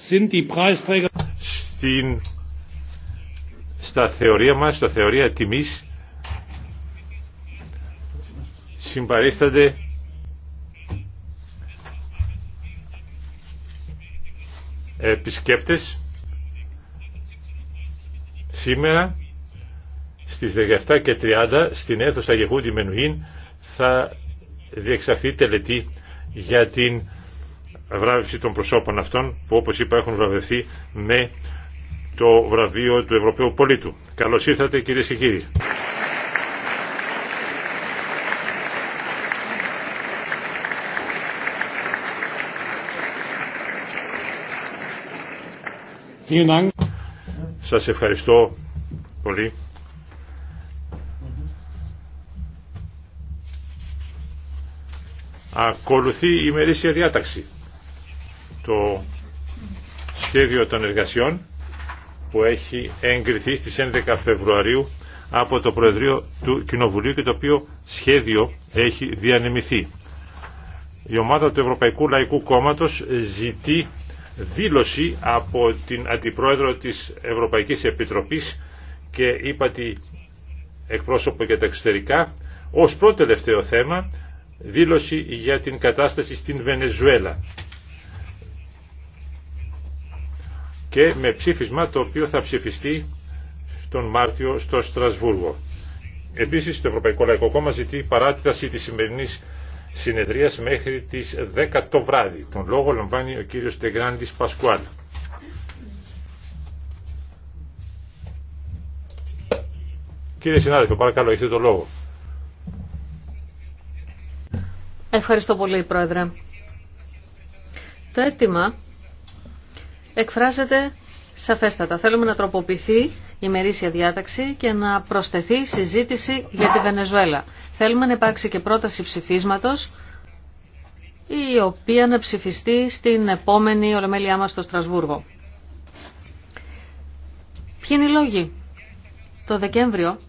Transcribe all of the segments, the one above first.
sind die Preisträger στα θεωρία μας, στα θεωρία τιμής συμπαρίστανται επισκέπτες σήμερα στις 17 και 30 στην αίθουσα Γεχούντι Μενουήν θα διεξαχθεί τελετή για την βράβευση των προσώπων αυτών που όπως είπα έχουν βραβευθεί με το βραβείο του Ευρωπαίου Πολίτου. Καλώς ήρθατε κυρίες και κύριοι. Σας ευχαριστώ πολύ. Ακολουθεί η μερίσια διάταξη το σχέδιο των εργασιών που έχει εγκριθεί στις 11 Φεβρουαρίου από το Προεδρείο του Κοινοβουλίου και το οποίο σχέδιο έχει διανεμηθεί. Η ομάδα του Ευρωπαϊκού Λαϊκού Κόμματος ζητεί δήλωση από την Αντιπρόεδρο της Ευρωπαϊκής Επιτροπής και τη εκπρόσωπο για τα εξωτερικά ως πρώτο τελευταίο θέμα δήλωση για την κατάσταση στην Βενεζουέλα. και με ψήφισμα το οποίο θα ψηφιστεί τον Μάρτιο στο Στρασβούργο. Επίσης το Ευρωπαϊκό Λαϊκό Κόμμα ζητεί παράτηταση της σημερινής συνεδρίας μέχρι τις 10 το βράδυ. Τον λόγο λαμβάνει ο κύριος Τεγκράντης Πασκουάλ. Κύριε συνάδελφο, παρακαλώ, έχετε το λόγο. Ευχαριστώ πολύ, Πρόεδρε. Το αίτημα εκφράζεται σαφέστατα. Θέλουμε να τροποποιηθεί η μερίσια διάταξη και να προσθεθεί συζήτηση για τη Βενεζουέλα. Θέλουμε να υπάρξει και πρόταση ψηφίσματος η οποία να ψηφιστεί στην επόμενη ολομέλειά μας στο Στρασβούργο. Ποιοι είναι οι λόγοι. Το Δεκέμβριο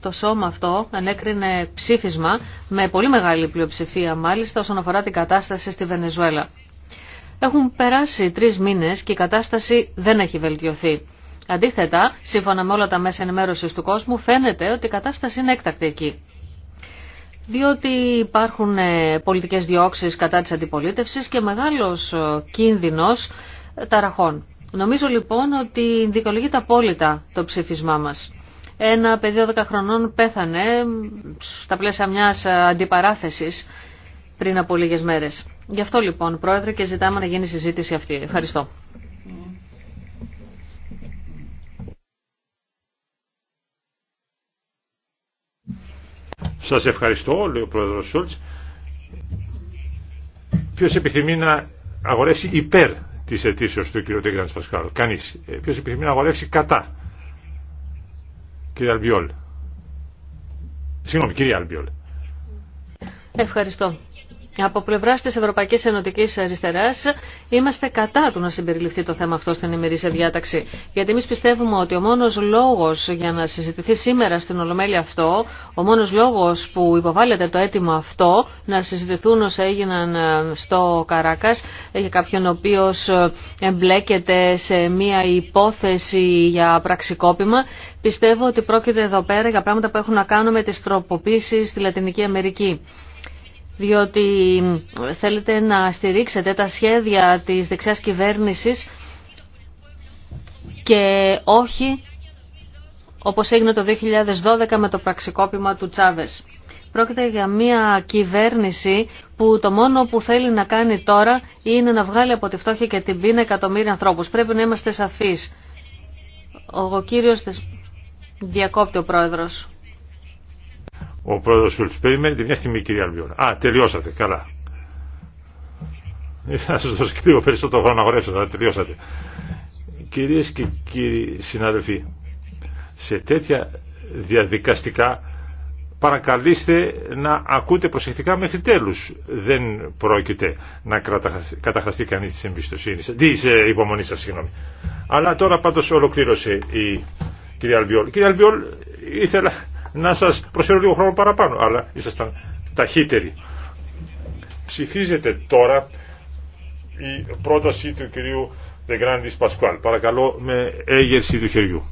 το σώμα αυτό ανέκρινε ψήφισμα με πολύ μεγάλη πλειοψηφία μάλιστα όσον αφορά την κατάσταση στη Βενεζουέλα. Έχουν περάσει τρει μήνε και η κατάσταση δεν έχει βελτιωθεί. Αντίθετα, σύμφωνα με όλα τα μέσα ενημέρωση του κόσμου, φαίνεται ότι η κατάσταση είναι έκτακτη εκεί. Διότι υπάρχουν ε, πολιτικές διώξει κατά τη αντιπολίτευση και μεγάλος ε, κίνδυνος ε, ταραχών. Νομίζω λοιπόν ότι δικαιολογείται απόλυτα το ψήφισμά μας. Ένα παιδί 12 χρονών πέθανε στα πλαίσια μια αντιπαράθεση πριν από λίγες μέρες. Γι' αυτό λοιπόν, Πρόεδρε, και ζητάμε να γίνει συζήτηση αυτή. Ευχαριστώ. Σας ευχαριστώ, λέει ο Πρόεδρος Σούλτς. Ποιος επιθυμεί να αγορεύσει υπέρ της αιτήσεως του κ. Τέγκραντς Πασχάλου. Κανείς. Ε, ποιος επιθυμεί να αγορεύσει κατά. Κύριε Αλμπιόλ. Συγγνώμη, κύριε Αλμπιόλ. Ευχαριστώ. Από πλευρά τη Ευρωπαϊκή Ενωτική Αριστερά είμαστε κατά του να συμπεριληφθεί το θέμα αυτό στην ημερήσια διάταξη. Γιατί εμεί πιστεύουμε ότι ο μόνο λόγο για να συζητηθεί σήμερα στην Ολομέλεια αυτό, ο μόνο λόγο που υποβάλλεται το αίτημα αυτό να συζητηθούν όσα έγιναν ε, στο Καράκα ε, για κάποιον ο οποίο ε, εμπλέκεται σε μία υπόθεση για πραξικόπημα, πιστεύω ότι πρόκειται εδώ πέρα για πράγματα που έχουν να κάνουν με τι τροποποίησει στη Λατινική Αμερική διότι θέλετε να στηρίξετε τα σχέδια της δεξιάς κυβέρνησης και όχι όπως έγινε το 2012 με το πραξικόπημα του Τσάβες. Πρόκειται για μια κυβέρνηση που το μόνο που θέλει να κάνει τώρα είναι να βγάλει από τη φτώχεια και την πείνα εκατομμύρια ανθρώπους. Πρέπει να είμαστε σαφείς. Ο κύριος διακόπτει ο πρόεδρος. Ο πρόεδρος Σούλτς, περιμένετε μια στιγμή κυρία Αλβιώνα. Α, τελειώσατε, καλά. Ε, θα σας δώσω και λίγο περισσότερο χρόνο να χωρέψω, αλλά τελειώσατε. Κυρίες και κύριοι συνάδελφοι, σε τέτοια διαδικαστικά παρακαλείστε να ακούτε προσεκτικά μέχρι τέλους. Δεν πρόκειται να καταχραστεί κανείς της εμπιστοσύνης, της ε, υπομονής σας, συγγνώμη. Αλλά τώρα πάντως ολοκλήρωσε η κυρία Αλμπιόλ. Κυρία Αλμπιόλ, ήθελα να σας προσφέρω λίγο χρόνο παραπάνω, αλλά ήσασταν ταχύτεροι. Ψηφίζεται τώρα η πρόταση του κυρίου Δεγκράντης Πασκουάλ. Παρακαλώ με έγερση του χεριού.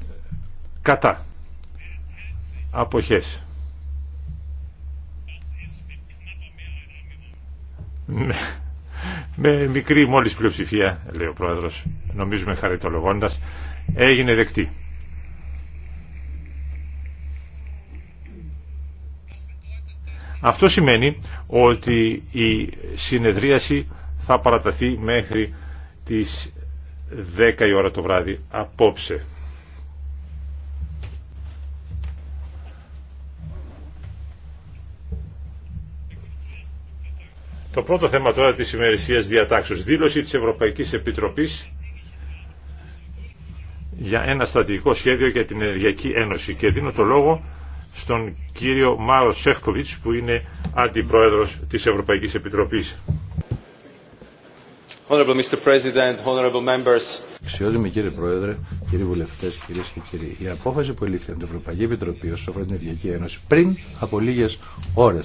Κατά. Αποχές. με μικρή μόλις πλειοψηφία, λέει ο Πρόεδρος, νομίζουμε χαριτολογώντας, έγινε δεκτή. Αυτό σημαίνει ότι η συνεδρίαση θα παραταθεί μέχρι τις 10 η ώρα το βράδυ απόψε. Το πρώτο θέμα τώρα της ημερησίας διατάξεως. Δήλωση της Ευρωπαϊκής Επιτροπής για ένα στρατηγικό σχέδιο για την Ενεργειακή Ένωση. Και δίνω το λόγο στον κύριο Μάρο Σεύκοβιτς που είναι αντιπρόεδρος της Ευρωπαϊκής Επιτροπής. Honorable Mr. President, members. Αξιότιμοι κύριε Πρόεδρε, κύριοι βουλευτέ, κυρίε και κύριοι, η απόφαση που ελήφθη από την Ευρωπαϊκή Επιτροπή ω προ την Ευρωπαϊκή Ένωση πριν από λίγε ώρε